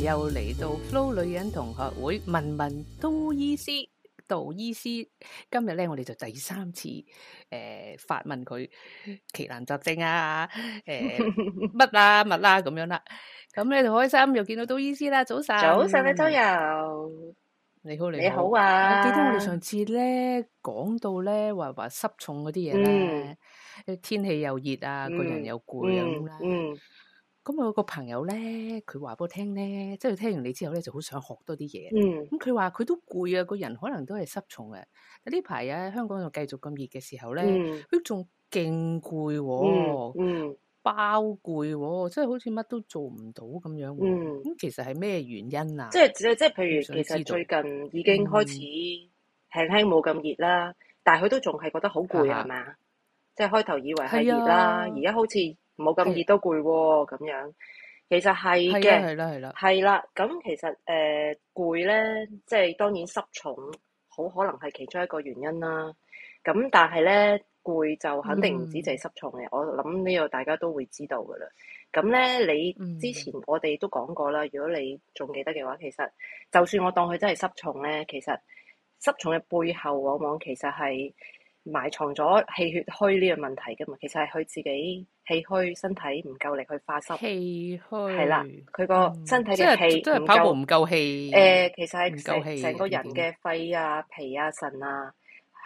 又嚟到 Flow 女人同學會問問 Too 醫師杜醫師，今日咧我哋就第三次誒、呃、發問佢奇難雜症啊，誒乜啊乜啊咁樣啦，咁咧就開心又見到 Too 醫師啦，早晨早晨咧，周游你好你好啊，我記得我哋上次咧講到咧，話話濕重嗰啲嘢咧，天氣又熱啊，個人又攰咁啦。咁我個朋友咧，佢話俾我聽咧，即係佢聽完你之後咧，就好想學多啲嘢。嗯。咁佢話佢都攰啊，個人可能都係濕重啊。呢排啊，香港又繼續咁熱嘅時候咧，佢仲勁攰喎。嗯。包攰喎，即係好似乜都做唔到咁樣。嗯。咁其實係咩原因啊？即係即係即係，譬如其實最近已經開始輕輕冇咁熱啦，嗯、但係佢都仲係覺得好攰係嘛？啊、吧即係開頭以為係熱啦，而家、啊、好似。冇咁熱都攰喎，咁樣其實係嘅，係啦的，係啦，係啦。咁其實誒攰咧，即係當然濕重，好可能係其中一個原因啦。咁但係咧攰就肯定唔止淨係濕重嘅，嗯、我諗呢個大家都會知道㗎啦。咁咧你之前我哋都講過啦，如果你仲記得嘅話，其實就算我當佢真係濕重咧，其實濕重嘅背後往往其實係。埋藏咗氣血虛呢個問題㗎嘛，其實係佢自己氣虛，身體唔夠力去化濕。氣虛係啦，佢個身體嘅氣唔夠，唔夠氣。誒、呃，其實係成成個人嘅肺啊、脾啊、腎啊，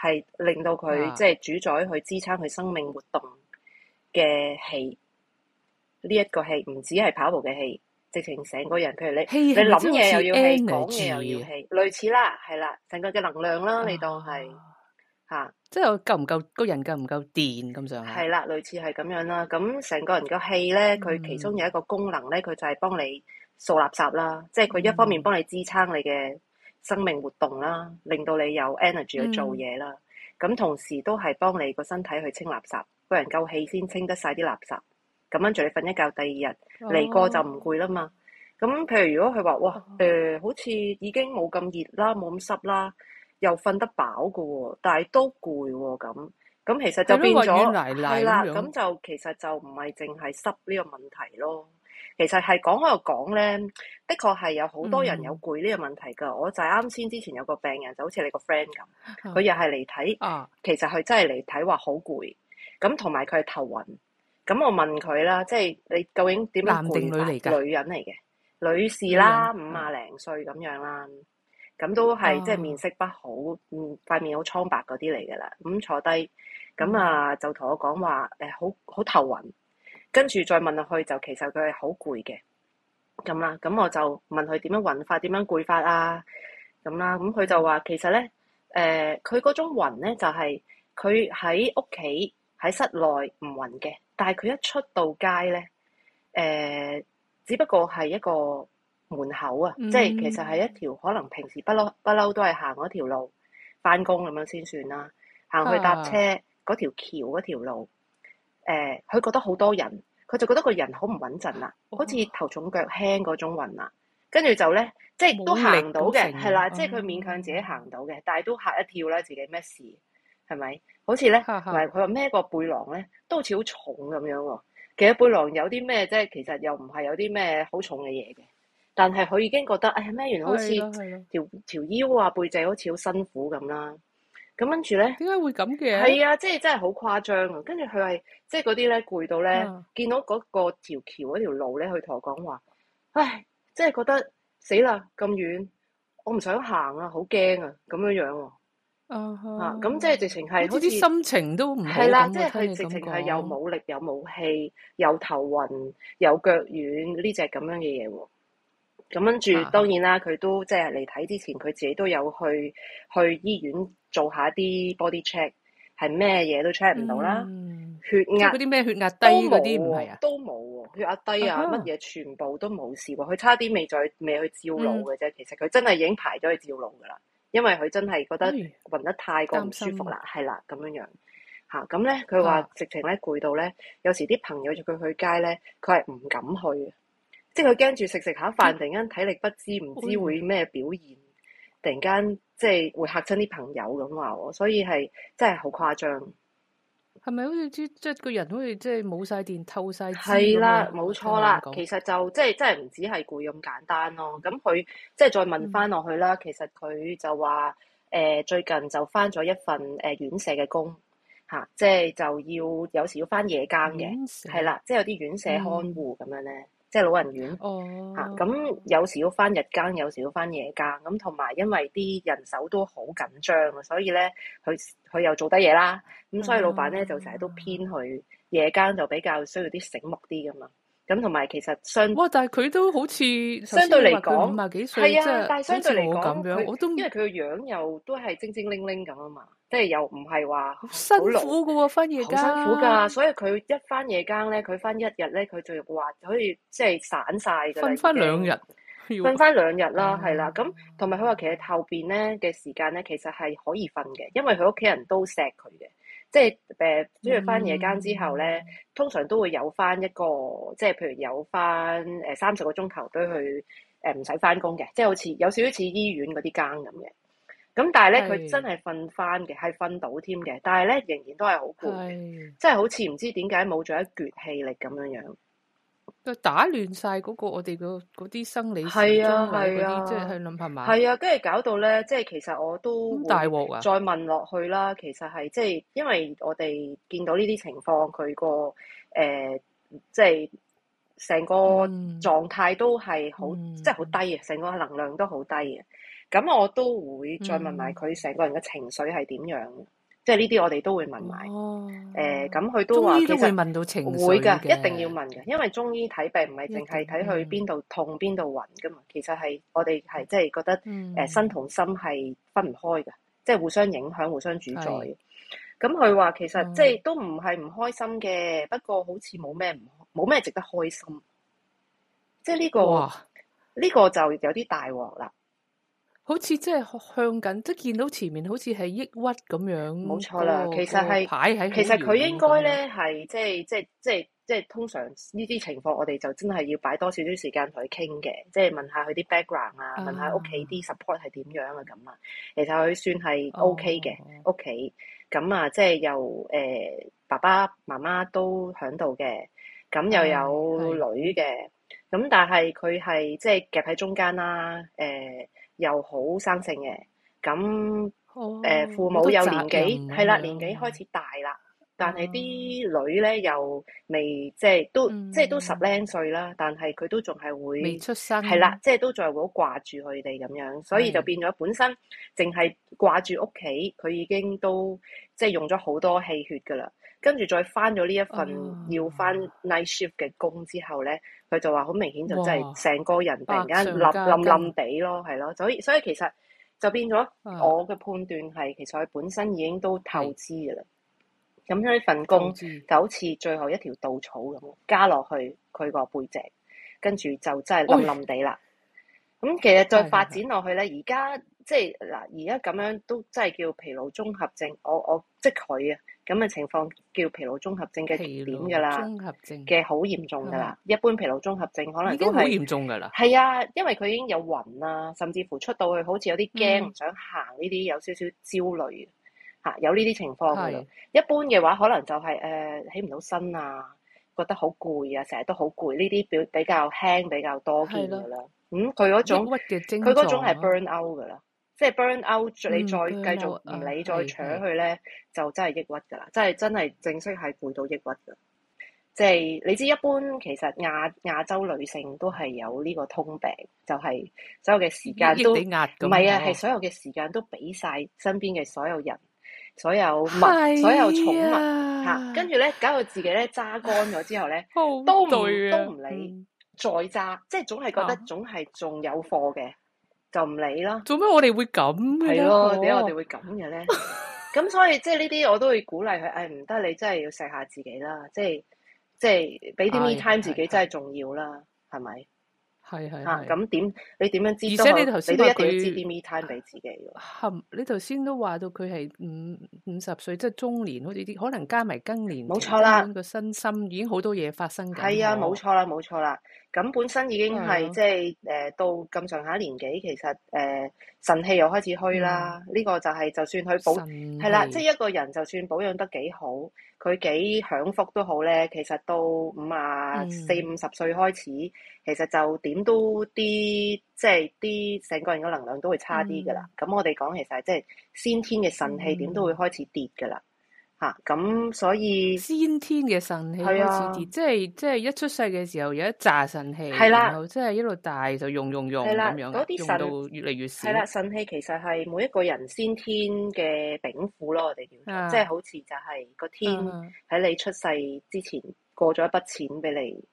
係令到佢、啊、即係主宰去支撐佢生命活動嘅氣。呢、這、一個氣唔止係跑步嘅氣，直情成個人。譬如你你諗嘢又要氣，講嘢又要氣，類似啦，係啦，成個嘅能量啦，你當係。啊啊嚇！啊、即係夠唔夠個人夠唔夠電咁上？係啦，類似係咁樣啦。咁成個人個氣咧，佢、嗯、其中有一個功能咧，佢就係幫你掃垃圾啦。即係佢一方面幫你支撐你嘅生命活動啦，令到你有 energy 去做嘢啦。咁、嗯、同時都係幫你個身體去清垃圾。個人夠氣先清得晒啲垃圾。咁樣，住你瞓一覺，第二日嚟、哦、過就唔攰啦嘛。咁譬如如果佢話，哇，誒、呃，好似已經冇咁熱啦，冇咁濕啦。又瞓得飽㗎喎、哦，但係都攰喎咁，咁其實就變咗係 啦，咁樣就其實就唔係淨係濕呢個問題咯。其實係講開又講咧，的確係有好多人有攰呢個問題㗎。嗯、我就係啱先之前有個病人就好似你個 friend 咁，佢又係嚟睇，啊、其實佢真係嚟睇話好攰，咁同埋佢係頭暈。咁我問佢啦，即係你究竟點樣攰？男定女嚟㗎？女人嚟嘅，女士啦，五啊零歲咁樣啦。嗯嗯咁、嗯、都係即係面色不好，嗯，塊面好蒼白嗰啲嚟嘅啦。咁、嗯、坐低，咁、嗯嗯、啊就同我講話，誒、呃、好好頭暈。跟住再問落去就，就其實佢係好攰嘅。咁啦，咁我就問佢點樣暈法、點樣攰法啊？咁啦，咁、嗯、佢就話其實咧，誒佢嗰種暈咧就係佢喺屋企喺室內唔暈嘅，但係佢一出到街咧，誒、呃、只不過係一個門口啊，嗯、即係其實係一條可能平時不嬲不嬲都係行嗰條路翻工咁樣先算啦。行去搭車嗰、啊、條橋嗰條路，誒、呃，佢覺得好多人，佢就覺得個人好唔穩陣啦，好似頭重腳輕嗰種暈啦、啊。跟住就咧，即係都行到嘅，係啦，嗯、即係佢勉強自己行到嘅，但係都嚇一跳啦，自己咩事？係咪？好似咧，同佢話孭個背囊咧，都好似好重咁樣喎。其實背囊有啲咩即啫？其實又唔係有啲咩好重嘅嘢嘅。但係佢已經覺得，哎呀孭完好似條條，條腰啊背脊好似好辛苦咁啦。咁跟住咧，點解會咁嘅？係啊，即係真係好誇張啊！跟住佢係即係嗰啲咧攰到咧，見到嗰個條橋條路咧，佢同我講話，唉、哎，即係覺得死啦咁遠，我唔想行啊，好驚啊咁樣樣喎。啊，咁、啊啊啊、即係直情係，好似心情都唔係咁係啦，即係直情係又冇力又冇氣又頭暈又腳軟呢隻咁樣嘅嘢喎。咁跟住，然當然啦，佢、啊、都即係嚟睇之前，佢自己都有去去醫院做一下啲 body check，係咩嘢都 check 唔到啦。血壓嗰啲咩？血壓低嗰啲唔係啊？都冇喎，血壓低啊，乜嘢、uh huh. 全部都冇事喎、啊。佢差啲未再未去照腦嘅啫。Uh huh. 其實佢真係已經排咗去照腦噶啦，因為佢真係覺得、uh huh. 暈得太過唔舒服啦，係啦咁樣樣嚇。咁咧佢話直情咧攰到咧，uh huh. 有時啲朋友叫佢去街咧，佢係唔敢去。即係佢驚住食食下飯，突然間體力不支，唔、嗯、知會咩表現，突然間即係會嚇親啲朋友咁話我，所以係真係好誇張。係咪好似即係個人好似即係冇晒電、透晒？係啦，冇錯啦。其實就即係即係唔止係攰咁簡單咯。咁佢即係再問翻落去啦。嗯、其實佢就話誒、呃、最近就翻咗一份誒、呃、院舍嘅工吓、啊，即係就要有時要翻夜更嘅，係舍啦，即係有啲院舍看護咁這樣咧、嗯。即係老人院吓，咁、哦啊、有時要返日間，有時要返夜間，咁同埋因為啲人手都好緊張啊，所以呢佢佢又做得嘢啦，咁、嗯嗯、所以老闆呢就成日都偏去夜間，就比較需要啲醒目啲㗎嘛。咁同埋其實相哇，但係佢都好似相對嚟講五十幾歲，即係好似我咁樣，他我都因為佢個樣又都係精精靈靈咁啊嘛。即係又唔係話好辛苦嘅喎，翻夜更。好辛苦㗎，所以佢一翻夜更咧，佢翻一,一日咧，佢就話可以即係散曬。瞓翻兩日，瞓翻兩日啦，係、嗯、啦。咁同埋佢話其實後邊咧嘅時間咧，其實係可以瞓嘅，因為佢屋企人都錫佢嘅。即係誒，即係翻夜更之後咧，通常都會有翻一個，即係譬如有翻誒三十個鐘頭堆去誒唔使翻工嘅，即係好似有少少似醫院嗰啲更咁嘅。咁但係咧，佢真係瞓翻嘅，係瞓到添嘅。但係咧是，仍然都係是好攰，即係好似唔知點解冇咗一橛氣力咁樣樣。打亂晒嗰個我哋嗰啲生理係啊係啊，即係去諗下嘛。係啊，跟住、啊、搞到咧，即係其實我都大鑊啊！再問落去啦，其實係即係，因為我哋見到呢啲情況，佢個誒，即係成個狀態都係好，嗯、即係好低啊，成個能量都好低啊。咁我都會再問埋佢成個人嘅情緒係點樣，嗯、即係呢啲我哋都會問埋。哦，誒咁佢都話，其實會問到情緒嘅，一定要問嘅，嗯、因為中醫睇病唔係淨係睇佢邊度痛邊度暈噶嘛。其實係我哋係即係覺得誒、嗯呃、身同心係分唔開嘅，即係互相影響、互相主宰。咁佢話其實即係都唔係唔開心嘅，不過好似冇咩唔開心，冇咩值得開心，即係、呢、呢個呢哇、呢個呢個就有啲大鑊啦。呢個呢個好似即係向緊，即係見到前面好似係抑鬱咁樣。冇錯啦，哦、其實係其實佢應該咧係即係即係即係即係通常呢啲情況，我哋就真係要擺多少少時間同佢傾嘅，即係問下佢啲 background 啊，問下屋企啲 support 係點樣啊咁啊。其實佢算係 OK 嘅屋企，咁啊即係又誒爸爸媽媽都響度嘅，咁又有女嘅，咁、嗯、但係佢係即係夾喺中間啦，誒、呃。又好生性嘅，咁誒、oh，父母有年紀，係啦的年紀開始大啦，但係啲女咧又未即係都即係都十零歲啦，但係佢都仲係會未出生，係啦，即係都仲係會好掛住佢哋咁樣，所以就變咗本身淨係掛住屋企，佢已經都即係用咗好多氣血噶啦。跟住再返咗呢一份要返 night shift 嘅工之後咧，佢、嗯、就話好明顯就真係成個人突然間冧冧冧地咯，係咯，所以所以其實就變咗我嘅判斷係，其實佢本身已經都透支㗎喇。咁呢、嗯、份工就好似最後一條稻草咁加落去佢個背脊，跟住就真係冧冧地啦。咁、哦嗯、其實再發展落去咧，而家的即係嗱，而家咁樣都真係叫疲勞綜合症。我我，我即係佢啊。咁嘅情況叫疲勞綜合症嘅極點噶啦，嘅好嚴重噶啦。一般疲勞綜合症可能都已經好嚴重噶啦。係啊，因為佢已經有暈啦，甚至乎出到去好似有啲驚，唔、嗯、想行呢啲有少少焦慮嘅有呢啲情況噶啦。是一般嘅話，可能就係、是、誒、呃、起唔到身啊，覺得好攰啊，成日都好攰呢啲表比較輕，比較多見噶啦。的嗯，佢嗰種佢嗰種係 burn out 噶啦。即係 burn out，你再繼續唔理再搶佢咧，就真係抑鬱噶啦！真係真係正式係攰到抑鬱啊！即係你知一般其實亞亞洲女性都係有呢個通病，就係所有嘅時間都唔係啊，係所有嘅時間都俾晒身邊嘅所有人、所有物、所有寵物嚇。跟住咧，搞到自己咧揸乾咗之後咧，都唔都唔理再揸，即係總係覺得總係仲有貨嘅。就唔理啦，做咩我哋會咁嘅？係咯， 點解我哋會咁嘅咧？咁所以即係呢啲，我都會鼓勵佢。哎，唔得，你真係要錫下自己啦。即係即係俾啲 me time 自己，真係重要啦。係咪、哎呀？係係。吓，咁點、啊、你點樣知道？而且你頭先你都一定要知啲 me time 俾自己。係你頭先都話到佢係五五十歲，即、就、係、是、中年，好似啲可能加埋更年，冇錯啦。個身心已經好多嘢發生緊。係啊，冇錯啦，冇錯啦。咁本身已經係的即係誒、呃、到咁上下年紀，其實誒腎氣又開始虛啦。呢、嗯、個就係、是、就算佢保係啦氣，即係一個人就算保養得幾好，佢幾享福都好咧，其實到五啊四五十歲開始，其實就點都啲即係啲成個人嘅能量都會差啲㗎啦。咁、嗯、我哋講其實係即係先天嘅腎氣點都會開始跌㗎啦。嗯吓咁，所以先天嘅腎氣開始，即係即係一出世嘅時候有一紮腎氣，然後即係一路大就用用用咁樣，用到越嚟越少。係啦，腎氣其實係每一個人先天嘅稟賦咯，我哋叫即係好似就係個天喺你出世之前過咗一筆錢俾你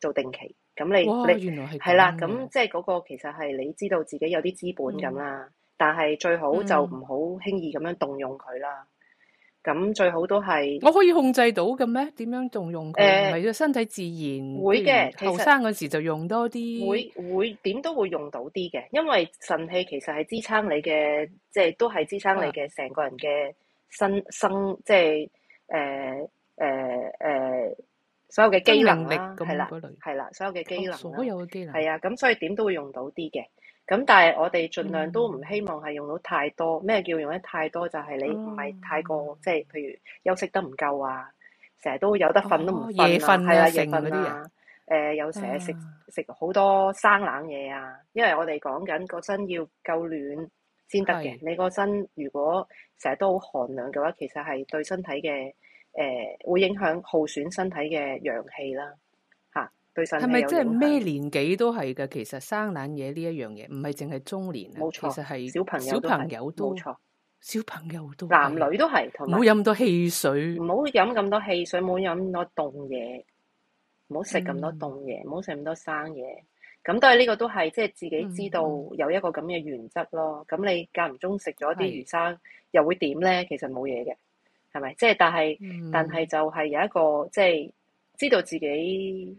做定期，咁你你原來係係啦，咁即係嗰個其實係你知道自己有啲資本咁啦，但係最好就唔好輕易咁樣動用佢啦。咁最好都係我可以控制到嘅咩？點樣仲用佢？唔係、呃，身體自然會嘅的。後生嗰時就用多啲。會會點都會用到啲嘅，因為腎氣其實係支撐你嘅，即、就、係、是、都係支撐你嘅成個人嘅身生、啊，即係誒誒誒，所有嘅機能力。啦，係啦，係啦，所有嘅機能，啊、所有嘅機能係啊，咁所以點都會用到啲嘅。的咁、嗯、但係我哋盡量都唔希望係用到太多。咩、嗯、叫用得太多？就係、是、你唔係太過，嗯、即係譬如休息得唔夠啊，成日都有得瞓都唔瞓啊，哦、夜瞓啊，夜瞓啲啊。誒、啊，又成日食食好、嗯、多生冷嘢啊。因為我哋講緊個身要夠暖先得嘅。是你個身如果成日都好寒涼嘅話，其實係對身體嘅誒、呃、會影響耗損身體嘅陽氣啦。係咪即係咩年紀都係嘅？其實生冷嘢呢一樣嘢，唔係淨係中年，其實係小朋友都係，小朋友都男女都係，唔好飲咁多汽水，唔好飲咁多汽水，唔好飲咁多凍嘢，唔好食咁多凍嘢，唔好食咁多生嘢。咁都係呢個都係，即係自己知道有一個咁嘅原則咯。咁你間唔中食咗啲魚生，又會點咧？其實冇嘢嘅，係咪？即係但係，但係就係有一個，即係知道自己。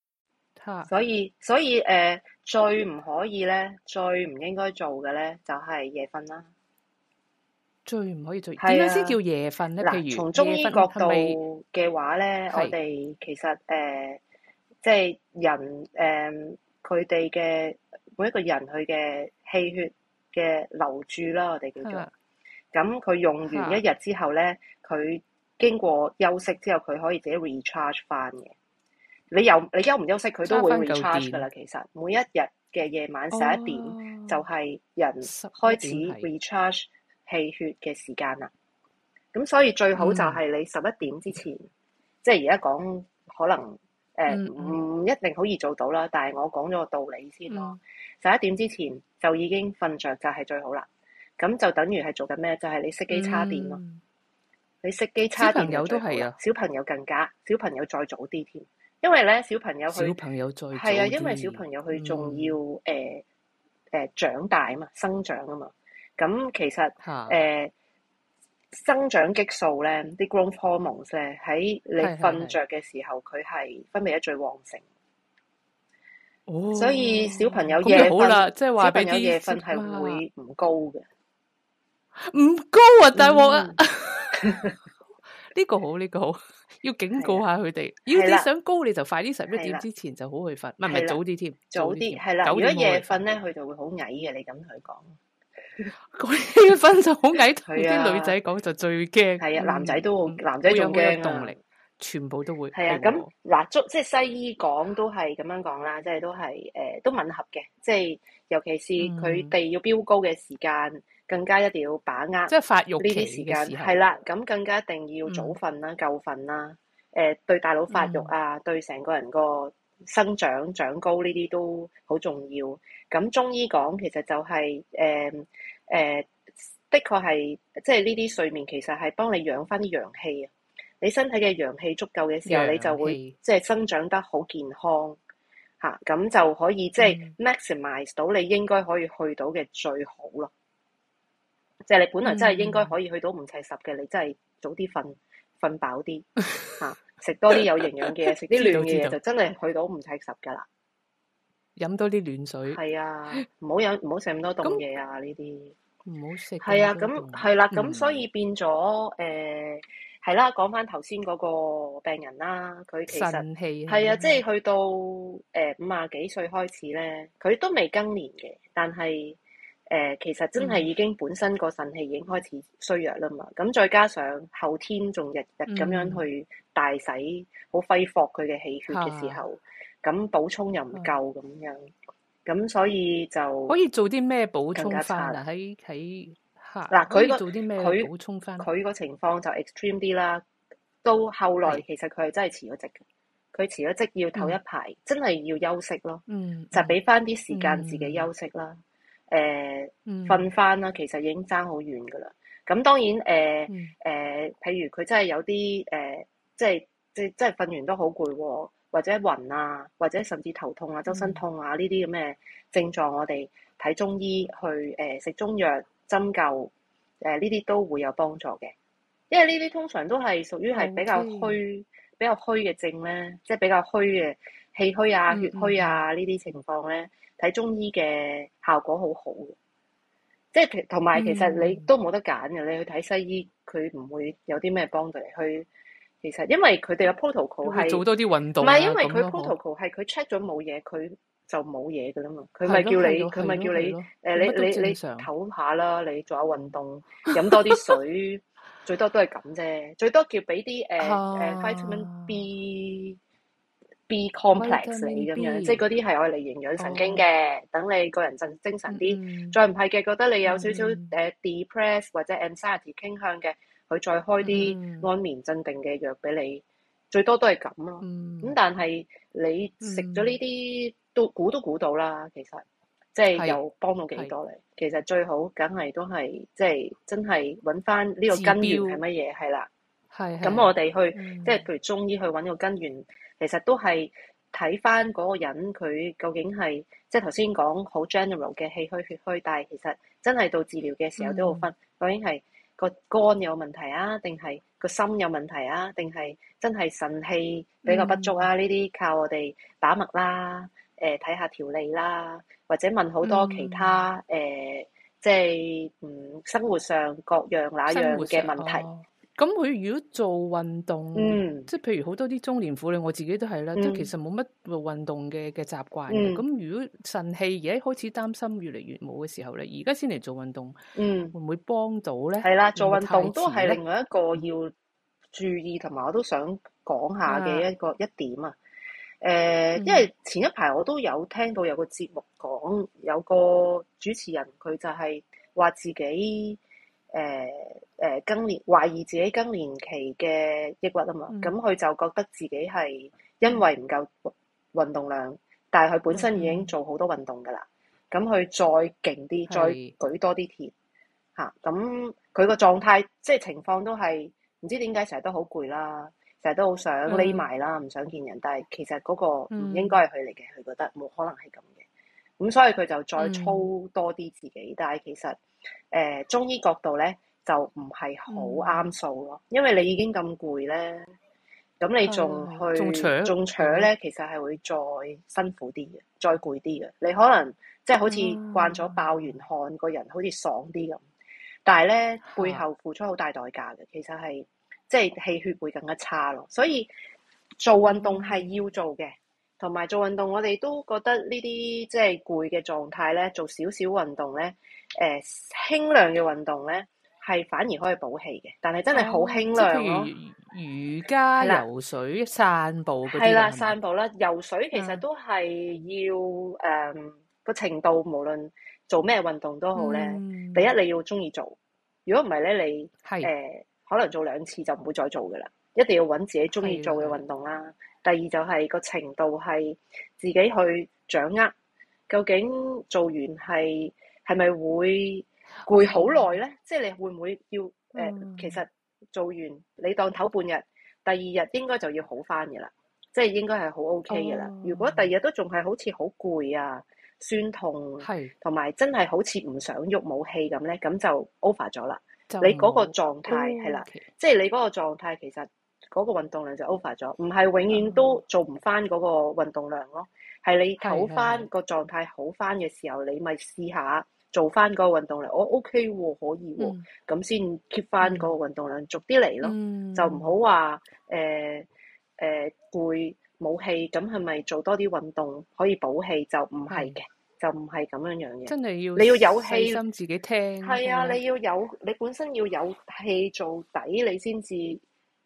所以，所以誒、呃、最唔可以咧，最唔應該做嘅咧，就係、是、夜瞓啦。最唔可以做，點樣先叫夜瞓咧？譬如夜瞓從中醫角度嘅話咧？是是我哋其實誒即係人誒佢哋嘅每一個人佢嘅氣血嘅流注啦，我哋叫做咁佢、啊、用完一日之後咧，佢、啊、經過休息之後，佢可以自己 recharge 翻嘅。你休你休唔休息，佢都會 recharge 噶啦。其實每一日嘅夜晚十一點、oh, 就係人開始 recharge 氣血嘅時間啦。咁、嗯、所以最好就係你十一點之前，嗯、即係而家講可能誒唔、呃嗯、一定好易做到啦。但係我講咗個道理先咯。十一、嗯、點之前就已經瞓着就係最好啦。咁就等於係做緊咩？就係、是、你熄機叉電咯。嗯、你熄機叉電，小朋友都係啊，小朋友更加，小朋友再早啲添。因為咧，小朋友佢係啊，因為小朋友佢仲要誒誒、嗯呃呃、長大啊嘛，生長啊嘛。咁其實誒、呃，生長激素咧，啲 growth hormones 咧，喺你瞓着嘅時候，佢係分泌得最旺盛。哦，所以小朋友夜瞓，即係話朋友夜瞓係會唔高嘅。唔高啊，大鑊啊！呢 個好，呢、呢個好。要警告下佢哋，要你想高你就快啲十一點之前就好去瞓，唔係早啲添？早啲係啦。有咗夜瞓咧，佢就會好矮嘅。你咁同佢講，嗰啲瞓就好矮。同啲女仔講就最驚，係啊，男仔都好。男仔仲驚力，全部都會係啊。咁嗱，即係西醫講都係咁樣講啦，即係都係誒，都吻合嘅。即係尤其是佢哋要飆高嘅時間。更加一定要把握即係發育呢啲時間，係啦。咁更加一定要早瞓啦，嗯、夠瞓啦。誒、呃，對大腦發育啊，嗯、對成個人個生長長高呢啲都好重要。咁中醫講其實就係誒誒，的確係即係呢啲睡眠其實係幫你養翻啲陽氣啊。你身體嘅陽氣足夠嘅時候，氣你就會即係、就是、生長得好健康嚇，咁、啊、就可以即係、就是、maximize 到你應該可以去到嘅最好咯。嗯。即係你本嚟真係應該可以去到唔齊十嘅，嗯、你真係早啲瞓，瞓飽啲嚇，食、 啊、多啲有營養嘅嘢，食啲 暖嘢就真係去到唔齊十噶啦。飲多啲暖水。係啊，唔好飲，唔好食咁多凍嘢啊！呢啲唔好食。係啊，咁係啦，咁、嗯啊、所以變咗誒係啦，講翻頭先嗰個病人啦，佢其實係氣啊，即係、啊就是、去到誒五廿幾歲開始咧，佢都未更年嘅，但係。誒，其實真係已經本身個腎氣已經開始衰弱啦嘛，咁再加上後天仲日日咁樣去大洗，好揮霍佢嘅氣血嘅時候，咁、啊、補充又唔夠咁樣，咁、啊、所以就可以做啲咩補充翻喺喺嗱，佢個佢補充翻佢個情況就 extreme 啲啦。到後來其實佢係真係辭咗職,、啊、職，佢辭咗職要唞一排，嗯、真係要休息咯，嗯嗯、就俾翻啲時間自己休息啦、嗯。誒瞓翻啦，其實已經爭好遠噶啦。咁當然誒誒、呃呃，譬如佢真係有啲誒、呃，即係即即係瞓完都好攰喎，或者暈啊，或者甚至頭痛啊、周身痛啊呢啲咁嘅症狀，我哋睇中醫去誒、呃、食中藥針灸誒，呢、呃、啲都會有幫助嘅。因為呢啲通常都係屬於係比較虛 Okay. 比較虛嘅症咧，即係比較虛嘅氣虛啊、血虛啊呢啲、mm hmm. 情況咧。睇中醫嘅效果好好嘅，即係同埋其實你都冇得揀嘅。嗯、你去睇西醫，佢唔會有啲咩幫助你。佢其實因為佢哋嘅 protocol 係做多啲運動，唔係因為佢 protocol 係佢 check 咗冇嘢，佢就冇嘢噶啦嘛。佢咪叫你佢咪叫你誒你你你唞下啦，你做下運動，飲多啲水， 最多都係咁啫。最多叫俾啲誒誒 vitamin B。B complex 你咁樣，即係嗰啲係用嚟營養神經嘅，等你個人振精神啲。再唔係嘅，覺得你有少少誒 depress 或者 anxiety 傾向嘅，佢再開啲安眠鎮定嘅藥俾你。最多都係咁咯。咁但係你食咗呢啲都估都估到啦，其實即係又幫到幾多你。其實最好梗係都係即係真係揾翻呢個根源係乜嘢係啦。係咁我哋去即係譬如中醫去揾個根源。其實都係睇翻嗰個人佢究竟係，即係頭先講好 general 嘅氣虛血虛，但係其實真係到治療嘅時候都好分，mm hmm. 究竟係個肝有問題啊，定係個心有問題啊，定係真係腎氣比較不足啊？呢啲、mm hmm. 靠我哋把脈啦，誒睇下條脷啦，或者問好多其他誒、mm hmm. 呃，即係嗯，生活上各樣那樣嘅問題。咁佢如果做運動，即係、嗯、譬如好多啲中年婦女，我自己、嗯、都係啦，即係其實冇乜運動嘅嘅習慣嘅。咁、嗯、如果腎氣而家開始擔心越嚟越冇嘅時候咧，而家先嚟做運動，嗯、會唔會幫到咧？係啦的，做運動都係另外一個要注意，同埋我都想講下嘅一個一點啊。誒、嗯，因為前一排我都有聽到有個節目講，有個主持人佢就係話自己誒。呃誒，更年懷疑自己更年期嘅抑鬱啊嘛，咁佢、嗯、就覺得自己係因為唔夠運動量，嗯、但係佢本身已經做好多運動噶啦，咁佢、嗯、再勁啲，是再舉多啲鐵嚇，咁佢個狀態即係情況都係唔知點解成日都好攰啦，成日都好想匿埋啦，唔、嗯、想見人，但係其實嗰個唔應該係佢嚟嘅，佢、嗯、覺得冇可能係咁嘅，咁所以佢就再操多啲自己，但係其實誒、呃呃、中醫，醫角度咧。呢就唔係好啱數咯，嗯、因為你已經咁攰咧，咁你仲去仲扯咧，其實係會再辛苦啲嘅，再攰啲嘅。你可能即係、就是、好似慣咗爆完汗，個人、嗯、好似爽啲咁，但係咧背後付出好大代價嘅。嗯、其實係即係氣血會更加差咯，所以做運動係要做嘅，同埋、嗯、做運動我哋都覺得呢啲即係攰嘅狀態咧，做少少運動咧，誒、呃、輕量嘅運動咧。係反而可以補氣嘅，但係真係好輕量咯。瑜伽、游水、散步嗰啲係啦，散步啦，游水其實都係要誒個程度，無論做咩運動都好咧。第一，你要鍾意做，如果唔係咧，你誒可能做兩次就唔會再做嘅啦。一定要揾自己鍾意做嘅運動啦。第二就係個程度係自己去掌握，究竟做完係係咪會？攰好耐咧，即係你會唔會要？誒、呃，其實做完你當唞半日，第二日應該就要好翻噶啦，即係應該係好 O K 噶啦。哦、如果第二日都仲係好似好攰啊、酸痛，係同埋真係好似唔想喐、武器咁咧，咁就 over 咗、嗯、啦。你嗰個狀態係啦，即係你嗰個狀態其實嗰個運動量就 over 咗，唔係永遠都做唔翻嗰個運動量咯。係你唞翻的個狀態好翻嘅時候，你咪試下。做翻嗰個運動量，我、哦、OK 喎、哦，可以喎、哦，咁先 keep 翻嗰個運動量，嗯、逐啲嚟咯，嗯、就唔好話誒誒攰冇氣，咁係咪做多啲運動可以補氣？就唔係嘅，嗯、就唔係咁樣樣嘅。真係要心你要有氣，自己聽。係啊，你要有你本身要有氣做底，你先至。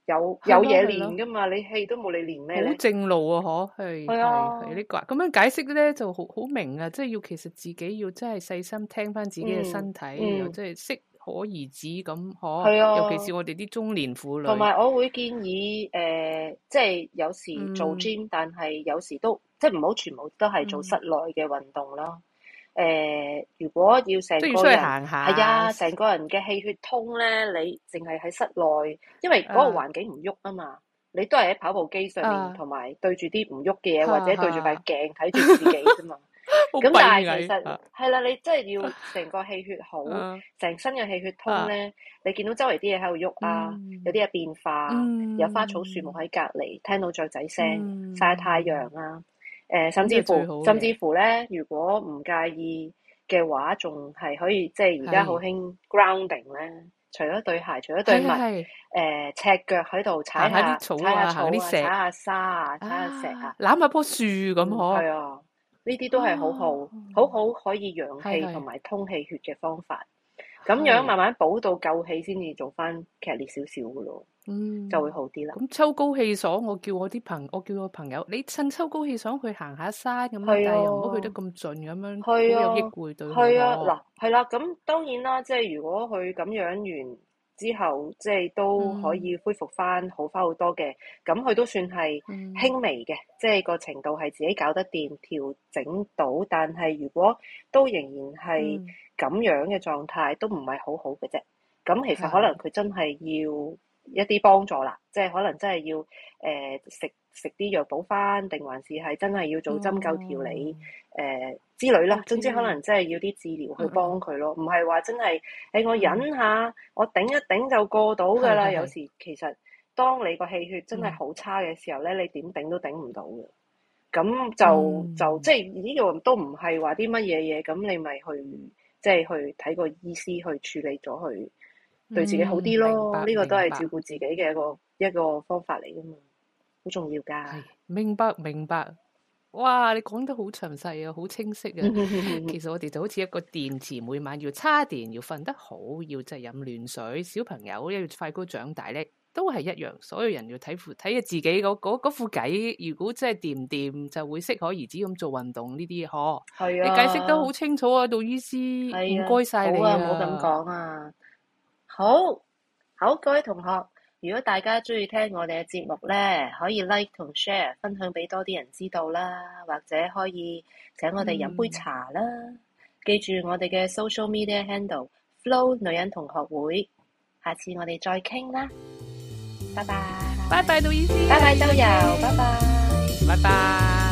有有嘢練㗎嘛，你氣都冇你練咩？好正路啊，嗬，係係啊，係呢個咁樣解釋咧就好好明，明啊，即係要其實自己要真係細心聽翻自己嘅身體，即係適可而止咁，嗬。係啊，的尤其是我哋啲中年婦女。同埋我會建議誒、呃，即係有時做 gym，、嗯、但係有時都即係唔好全部都係做室內嘅運動囉。嗯欸，如果要成個人出去行下，係啊，成個人嘅氣血通咧，你淨係喺室內，因為嗰個環境唔喐啊嘛，你都係喺跑步機上面，同埋對住啲唔喐嘅嘢，或者對住塊鏡睇住自己啫嘛。咁但係其實係啦，你真係要成個氣血好，成身嘅氣血通咧，你見到周圍啲嘢喺度喐啊，有啲嘢變化，有花草樹木喺隔籬，聽到雀仔聲，曬太陽啊。誒、呃，甚至乎，甚至乎咧，如果唔介意嘅話，仲係可以，即係而家好興 grounding 咧。除咗對鞋，除咗對襪，誒、呃，赤腳喺度踩下草啊，行啲石啊，踩下沙啊，踩、啊、下石啊，攬下棵樹咁可。係、嗯、啊，呢啲都係好好，啊、好好可以養氣同埋通氣血嘅方法。咁樣慢慢補到夠氣，先至做翻劇烈少少嘅咯，嗯、就會好啲啦。咁秋高氣爽，我叫我啲朋友，我叫我朋友，你趁秋高氣爽去行下山咁，啊、但係又唔好去得咁盡咁樣，都有益攰對。係啊，嗱，係啦、啊，咁、嗯、當然啦，即係如果佢咁養完之後，即係都可以恢復翻好翻好多嘅，咁佢都算係輕微嘅，嗯、即係個程度係自己搞得掂調整到。但係如果都仍然係、嗯。咁樣嘅狀態都唔係好好嘅啫。咁其實可能佢真係要一啲幫助啦，的即係可能真係要誒、呃、食食啲藥補返，定還是係真係要做針灸調理誒、嗯呃、之類啦。總之可能真係要啲治療去幫佢咯，唔係話真係誒、欸、我忍下，嗯、我頂一頂就過到㗎啦。的有時其實當你個氣血真係好差嘅時候咧，嗯、你點頂都頂唔到㗎。咁就就，就即係呢個都唔係話啲乜嘢嘢，咁你咪去。即係去睇個醫師去處理咗，去對自己好啲咯。呢、嗯、個都係照顧自己嘅一個白一個方法嚟噶嘛，好重要㗎。明白明白，哇！你講得好詳細啊，好清晰啊。 其實我哋就好似一個電池，每晚要叉電，要瞓得好，要即係飲暖水。小朋友又要快高長大咧。都係一樣，所有人要睇副睇嘅自己嗰副計。如果真係掂唔掂，就會適可而止咁做運動呢啲。可係啊，你解釋得好清楚啊，杜醫師，唔該晒你啊。好啊，唔好咁、啊、講啊。好好，各位同學，如果大家中意聽我哋嘅節目呢，可以 like 同 share 分享俾多啲人知道啦。或者可以請我哋飲杯茶啦。嗯、記住我哋嘅 social media handle Flo 女人同學會。下次我哋再傾啦。拜拜，拜拜杜醫師，拜拜周游，拜拜，拜拜。